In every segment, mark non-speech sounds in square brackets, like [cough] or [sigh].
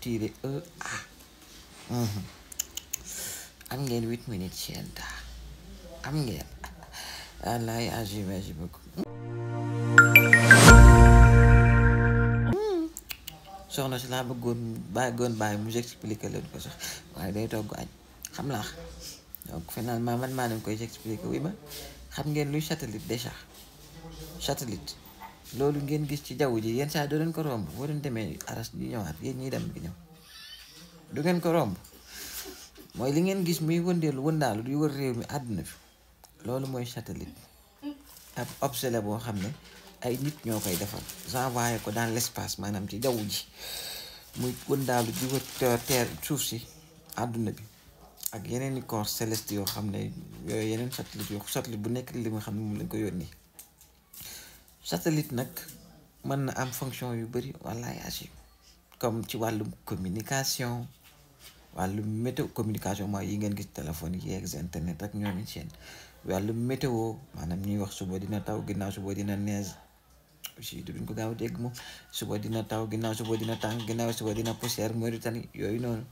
tiré E A am ngeen wit minutes yéen daal am ngeen wallaay agi agi beaucoup soxna si laa bëggoon bëggoon bàyyi mu expliqué leen ko sax waaye day togg añ xam laax donc finalement man maa leen koy expliqué wi ba xam ngeen luy satellite déjà satellite loolu ngeen gis ci jaww ji yenn saa doo leen ko romb boo demee aras di ñëwaat yéen ñuy dem bi ñëw du ngeen ko romb mooy li ngeen gis muy wëndeelu wëndaalu di wër réew mi àdduna fi loolu mooy satellite ab obséle boo xam ne ay nit ñoo koy defar envoyé ko dans l'espace maanaam ci jawwu ji muy wëndaalu di wër terre suuf si àdduna bi ak yeneen i corps céleste yoo xam ne yooyu yeneen satellite yoo satellite bu nekk li nga xam ne moom lañ ko yónni satellite nag mën na am fonction yu bëri wallaay agir comme ci wàllum communication wàllum météo communication mooy yi ngeen gis téléphone yeeg internet ak ñooñu seen wàllum météo maanaam ñuy wax suba dina taw ginnaaw suba dina neige aussi duñ ko gaaw a dégg moom suba dina taw ginnaaw suba dina tàng ginnaaw suba dina poussière Mauritanie yooyu noonu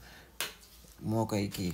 moo koy kii.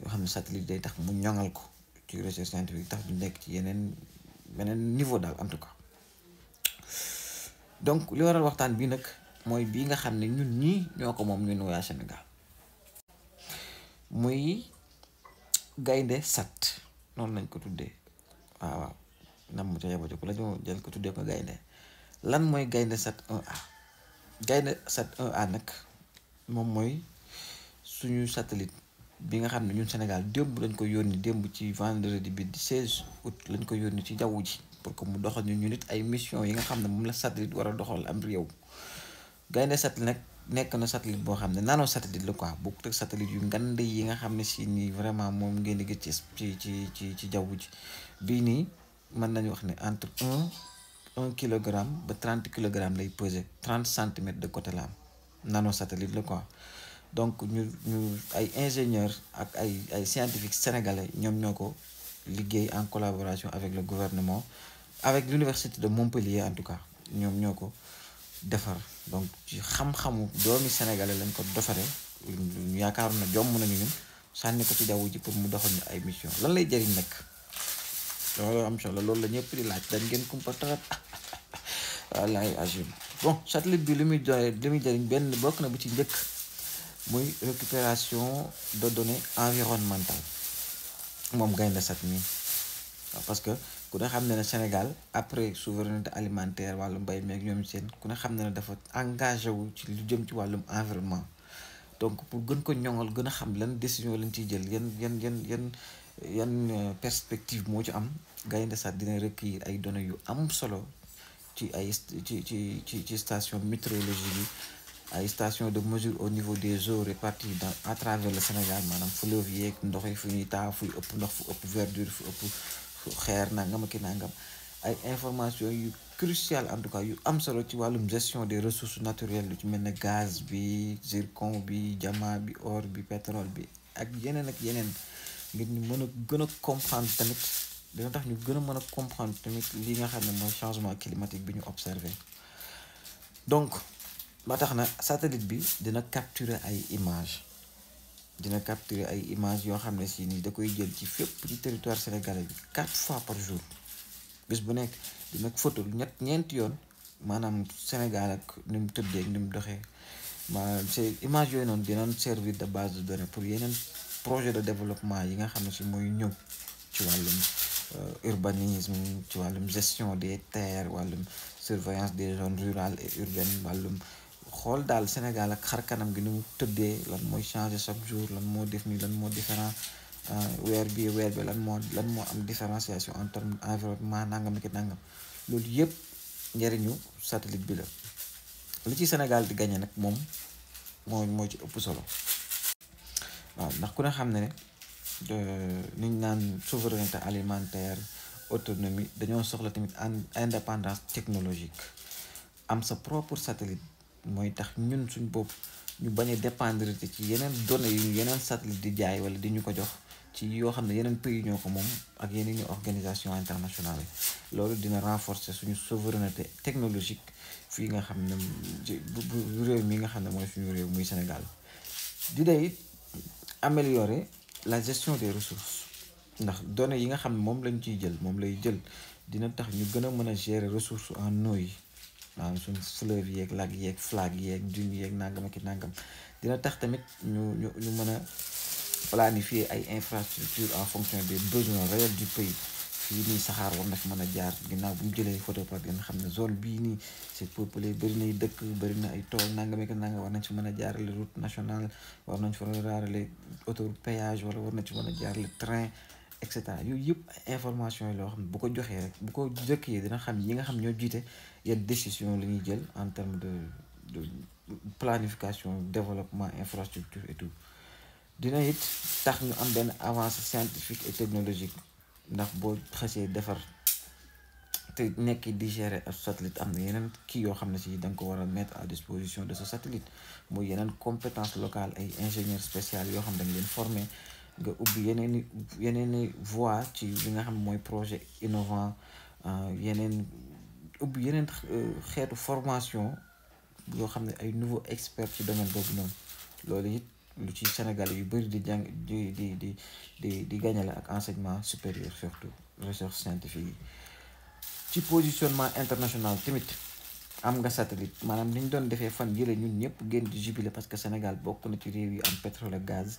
yoo xam ne satellite day tax mu ñoŋal ko ci recherche scientifique tax ñu nekk ci yeneen beneen niveau daal en tout cas donc li waral waxtaan bi nag mooy bii nga xam ne ñun ñii ñoo ko moom ñun waa Sénégal muy gaynde sat noonu lañ ko tuddee waaw waaw nam mu ca yebati ku la ñu jël ko tuddee ko gaynde lan mooy gaynde sat 1A gaynde sat 1A nag moom mooy suñu satellite bi nga xam ne ñun Sénégal démb lañ ko yónni démb ci vendredi bi 16 août lañ ko yónni ci jaww ji pour que mu doxal ñu ñu nit ay mission yi nga xam ne moom la satellite war a doxal am réew gaynde satellite nag nekk na satellite boo xam ne nano satellite la quoi bokkut ak satellite yu ngand yi nga xam ne si nii vraiment moom ngeen di gis ci ci ci ci jaww ji bii nii mën nañu wax ne entre un kilogramme ba trente kilogramme lay peser trente centimètres de côté la nano satellite la quoi. donc ñu ñu ay ingénieurs ak ay ay scientifiques sénégalais ñoom ñoo ko liggéey en collaboration avec le gouvernement avec l'université de Montpellier en tout cas ñoom ñoo ko defar donc ci xam-xamu doomi sénégalais lañ ko defaree ñu yaakaar na jomm nañu ñun sànni ko ci jaww ji pour mu doxal ñu ay mission lan lay jëriñ nag loolu am solo loolu la ñëpp di laaj dañ ngeen kumpa trop [laughs] wallaay agim bon satellite bi li muy joxe li muy jëriñ benn bokk na bu ci njëkk muy récupération de données environnementales moom gaynde sat mi parce que ku ne xam ne Sénégal après souveraineté alimentaire walum mbay mek ñom seen ku ne xam dafa engagé wu ci lu jëm ci walum environnement donc pour gën ko ñongal gëna xam lan décision lañ ci jël yan yan yan yan yan euh, perspective mo ci am gaynde sat dina recueillir ay données yu am solo ci ay ci ci ci station météorologique bi la station de mesure au niveau des eaux réparties dans à travers le Sénégal madame fu le yeeg ndox yi fu ñuy ëpp verdure fu ëpp n'a nangam ak nangam ay information cruciale en tout cas yu am solo ci wàllum gestion des ressources naturelles lu ci mel gaz bi zircon bi diamant bi or bi pétrole bi ak yenen, ak yenen, ngir ñu mën a gën a comprendre tamit dina tax ñu gën a mën comprendre tamit li nga xam ne mooy changement climatique bi ñu observé donc ba tax na satellite bi dina capturer ay images dina capturer ay images yoo xam ne si ni da koy jël ci fépp ci territoire sénégalais bi quatre fois par jour bis bu nekk dina photo ñett ñeenti yoon maanaam Sénégal ak ni mu tëddee ak ni mu doxee maanaam c'est image yooyu noonu dinañ servir de base de données pour yeneen projet de développement yi nga xam ne si mooy ñëw ci wàllum euh, urbanisme ci wàllum gestion des terres wàllum surveillance des zones rurales et urbaines wàllum xool dal Sénégal ak xar kanam gi ni mu tëddee lan mooy changer chaque jour lan moo def nii lan moo différent euh, weer bi weer bi lan moo lan moo am différenciation en terme environnement nangam ak nangam loolu yëpp njëriñu satellite bi la li ci Sénégal di gagné nag mom, moo moo ci ëpp solo waaw ndax ku ne xam ne ne euh, niñ naan souveraineté alimentaire autonomie dañoo soxla tamit indépendance technologique am sa propre satellite mooy tax ñun suñ bopp ñu bañ a dépendre ci yeneen données yi yeneen satellite di jaay wala di ñu ko jox ci yoo xam ne yeneen pays ñoo ko moom ak yeneen organisation internationale yi loolu dina renforcer suñu souveraineté technologique fii nga xam ne bu réew mi nga xam ne mooy suñu réew muy Sénégal di day améliorer la gestion des ressources ndax données yi nga xam ne moom lañ ciy jël moom lay jël dina tax ñu gën a mën a gérer ressources en eau yi maanaam suñ fleuve yeeg lac yeeg flag yeeg dune yeeg nangam ki nangam dina tax tamit ñu ñu mën a planifier ay infrastructures en fonction des besoins réels du pays fii nii saxaar war na fi mën a jaar ginnaaw bu ñu jëlee photo par dina xam ne zone bii nii c'est peuplé bëri nay dëkk bëri na ay tool nangam ak nangam war nañ ci mën a jaarale route nationale war nañ fa jaarale autoroute péage wala war nañ ci mën a jaarale train et cetera yooyu yëpp information yi loo xam ne bu ko joxee rek bu ko jëkkee dina xam ñi nga xam ñoo jiite y décision des décisions décisions en termes de de planification développement infrastructure et tout dina it tax ñu am scientifique et technologique ndax boo xasee defar te nekk di gérer satellite am na yeneen kii yoo xam ne si mettre à disposition de ce satellite muy yeneen compétence locale ay ingénieur spécial yoo xam ne da nga leen formé nga ubbi yeneen yeneen voie ci li nga projet innovant euh, ubbi yeneen euh, xeetu formation nouveau expert domaine lu ci Sénégal di di supérieur surtout recherche scientifique positionnement international tamit am nga satellite fan ñun parce que Sénégal bokk na ci pétrole gaz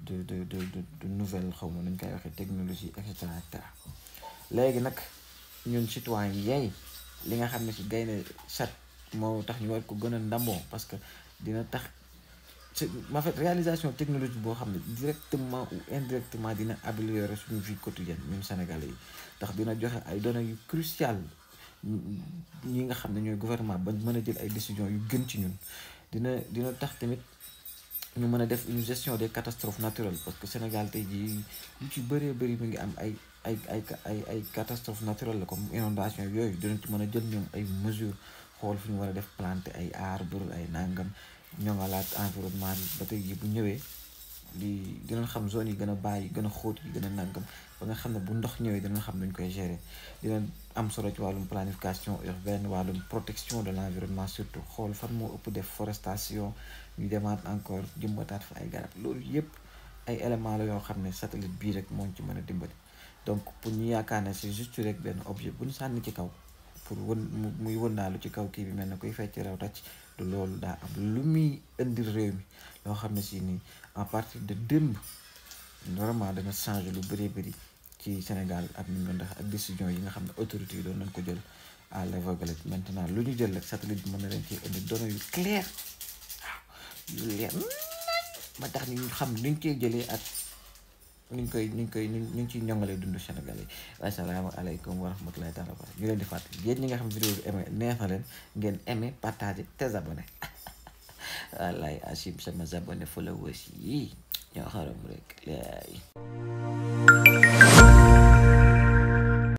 de de de de nouvelle xaw ma nuñ koy waxee technologie et cetera léegi nag ñun citoyen yi yey li nga xam ne ci gaynde chat moo tax ñu war ko gën a ndamoo parce que dina tax si ma fait réalisation technologie boo xam ne directement ou indirectement dina améliorer suñu vie quotidienne ñun sénégal yi ndax dina joxe ay données yu crucial ñi nga xam ne ñooy gouvernement ba mën a jël ay décisions yu gën ci ñun dina tax tamit. ñu mën a def une gestion des catastrophes naturelles parce que Sénégal tey jii yu ci bëree bëri mu ngi am ay ay ay ay ay catastrophes naturelles la comme inondation yooyu dinañ ci mën a jël ñoom ay mesures xool fi ñu war a def planter ay arbre ay nangam ñoŋalaat environnement bi ba tey jii bu ñëwee. di dinañ xam zone yi gën a bàyyi gën a xóot yi gën a nàngam ba nga xam ne bu ndox ñëwee dinañ xam nuñ koy gérer dina am solo ci wàllum planification urbaine wàllum protection de l'environnement surtout xool fan moo ëpp def forestation ñu demaat encore jëmbataat fa ay garab loolu yëpp ay éléments la yoo xam ne satellite bii rek moo ci mën a dimbali donc pour ñu yaakaar na c'est juste rek benn objet bu ñu sànni ci kaw pour wën muy wëndaalu ci kaw kii bi mel ne kuy fecc rew tàcc loolu daa am lu muy indil réew mi loo xam ne si ni à partir de démb normalement dana changé lu bëri bëri ci Sénégal ak ñu ndax ak décision yi nga xam ne autorités yi doon nañ ko jël à l'aveuglette maintenant lu ñu jël rek satellite bi mën na leen ci indi données yu clair waaw yu leer ba tax ni ñu xam liñ cee jëlee ak. ñu ngi koy ñu ngi koy ñu ngi ciy ñongalee dundu Sénégal yi asalaamaaleykum wa rahmatulahi taala wa ñu leen di fàttali yéen ñi nga xam vidéo bi neex na leen ngeen aimé te abonné [laughs] wallaay asim sama abonné followers yi ñoo xaram rek laay